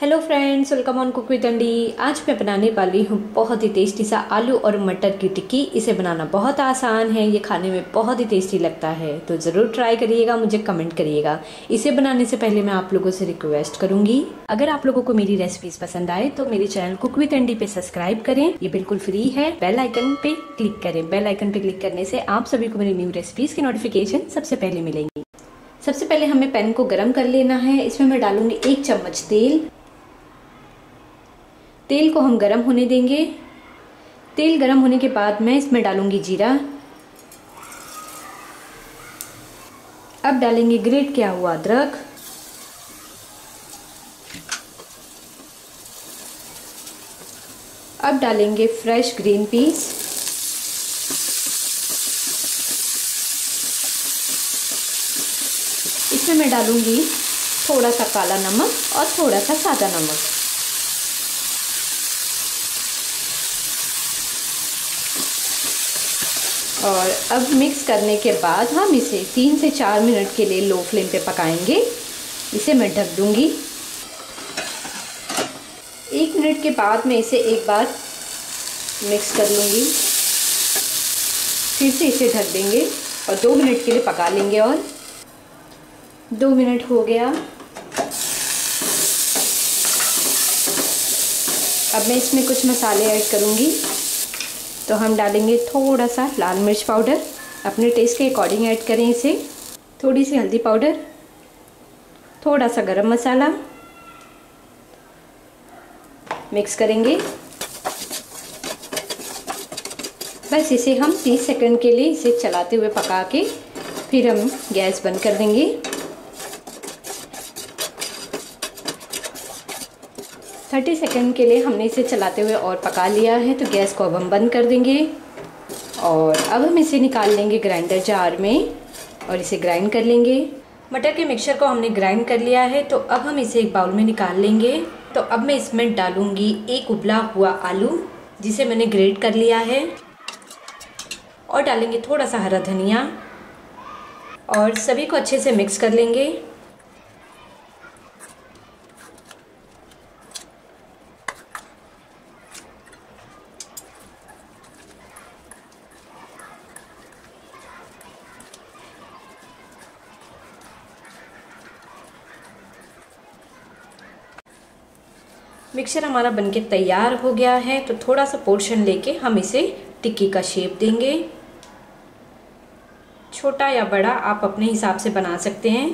hello friends welcome on cook with Andy आज मैं बनाने वाली हूँ बहुत ही टेस्टी सा आलू और मटर की टिक्की इसे बनाना बहुत आसान है ये खाने में बहुत ही टेस्टी लगता है तो ज़रूर ट्राई करिएगा मुझे कमेंट करिएगा इसे बनाने से पहले मैं आप लोगों से रिक्वेस्ट करूँगी अगर आप लोगों को मेरी रेसिपीज पसंद आए तो मेरे चैनल कुक विद अंडी पे सब्सक्राइब करें ये बिल्कुल फ्री है बेल आइकन पे क्लिक करें बेल आइकन पे क्लिक करने से आप सभी को मेरी न्यू रेसिपीज़ की नोटिफिकेशन सबसे पहले मिलेंगी सबसे पहले हमें पैन को गरम कर लेना है इसमें मैं डालूंगी एक चम्मच तेल तेल को हम गरम होने देंगे तेल गरम होने के बाद मैं इसमें डालूंगी जीरा अब डालेंगे ग्रेट किया हुआ अदरक अब डालेंगे फ्रेश ग्रीन पीस इसमें मैं डालूंगी थोड़ा सा काला नमक और थोड़ा सा सादा नमक और अब मिक्स करने के बाद हम इसे तीन से चार मिनट के लिए लो फ्लेम पे पकाएंगे इसे मैं ढक दूंगी एक मिनट के बाद मैं इसे एक बार मिक्स कर लूँगी फिर से इसे ढक देंगे और दो मिनट के लिए पका लेंगे और दो मिनट हो गया अब मैं इसमें कुछ मसाले ऐड करूँगी तो हम डालेंगे थोड़ा सा लाल मिर्च पाउडर अपने टेस्ट के अकॉर्डिंग ऐड करें इसे थोड़ी सी हल्दी पाउडर थोड़ा सा गरम मसाला मिक्स करेंगे बस इसे हम 30 सेकंड के लिए इसे चलाते हुए पका के फिर हम गैस बंद कर देंगे 30 सेकंड के लिए हमने इसे चलाते हुए और पका लिया है तो गैस को अब हम बंद कर देंगे और अब हम इसे निकाल लेंगे ग्राइंडर जार में और इसे ग्राइंड कर लेंगे मटर के मिक्सचर को हमने ग्राइंड कर लिया है तो अब हम इसे एक बाउल में निकाल लेंगे तो अब मैं इसमें डालूंगी एक उबला हुआ आलू जिसे मैंने ग्रेट कर लिया है और डालेंगे थोड़ा सा हरा धनिया और सभी को अच्छे से मिक्स कर लेंगे मिक्सर हमारा बनके तैयार हो गया है तो थोड़ा सा पोर्शन लेके हम इसे टिक्की का शेप देंगे छोटा या बड़ा आप अपने हिसाब से बना सकते हैं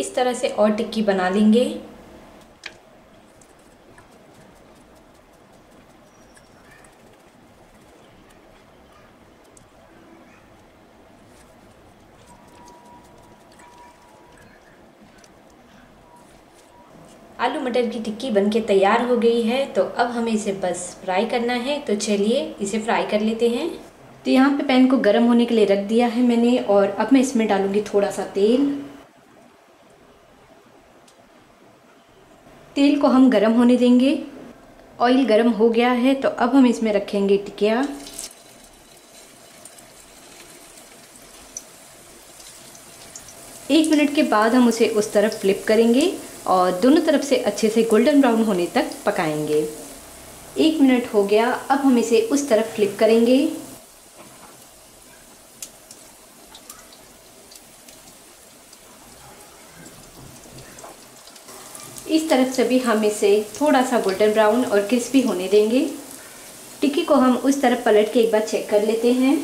इस तरह से और टिक्की बना लेंगे आलू मटर की टिक्की बनके तैयार हो गई है तो अब हमें इसे बस फ्राई करना है तो चलिए इसे फ्राई कर लेते हैं तो यहाँ पे पैन को गर्म होने के लिए रख दिया है मैंने और अब मैं इसमें डालूंगी थोड़ा सा तेल तेल को हम गर्म होने देंगे ऑयल गर्म हो गया है तो अब हम इसमें रखेंगे टिकिया एक मिनट के बाद हम उसे उस तरफ फ्लिप करेंगे और दोनों तरफ से अच्छे से गोल्डन ब्राउन होने तक पकाएंगे एक मिनट हो गया अब हम इसे उस तरफ फ्लिप करेंगे इस तरफ से भी हम इसे थोड़ा सा गोल्डन ब्राउन और क्रिस्पी होने देंगे टिक्की को हम उस तरफ पलट के एक बार चेक कर लेते हैं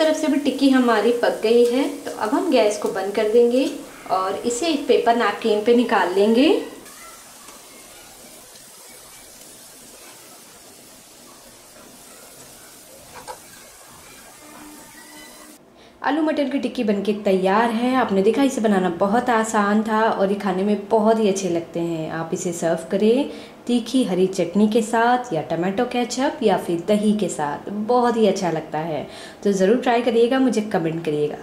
तरफ से भी टिक्की हमारी पक गई है तो अब हम गैस को बंद कर देंगे और इसे एक पेपर नैपकिन पे निकाल लेंगे आलू मटर की टिक्की बनके तैयार है आपने देखा इसे बनाना बहुत आसान था और ये खाने में बहुत ही अच्छे लगते हैं आप इसे सर्व करें तीखी हरी चटनी के साथ या टमाटो केचप या फिर दही के साथ बहुत ही अच्छा लगता है तो ज़रूर ट्राई करिएगा मुझे कमेंट करिएगा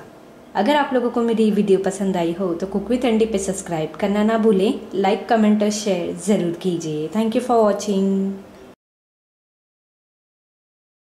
अगर आप लोगों को मेरी वीडियो पसंद आई हो तो कुक विथ अंडी पर सब्सक्राइब करना ना भूलें लाइक कमेंट और शेयर ज़रूर कीजिए थैंक यू फॉर वॉचिंग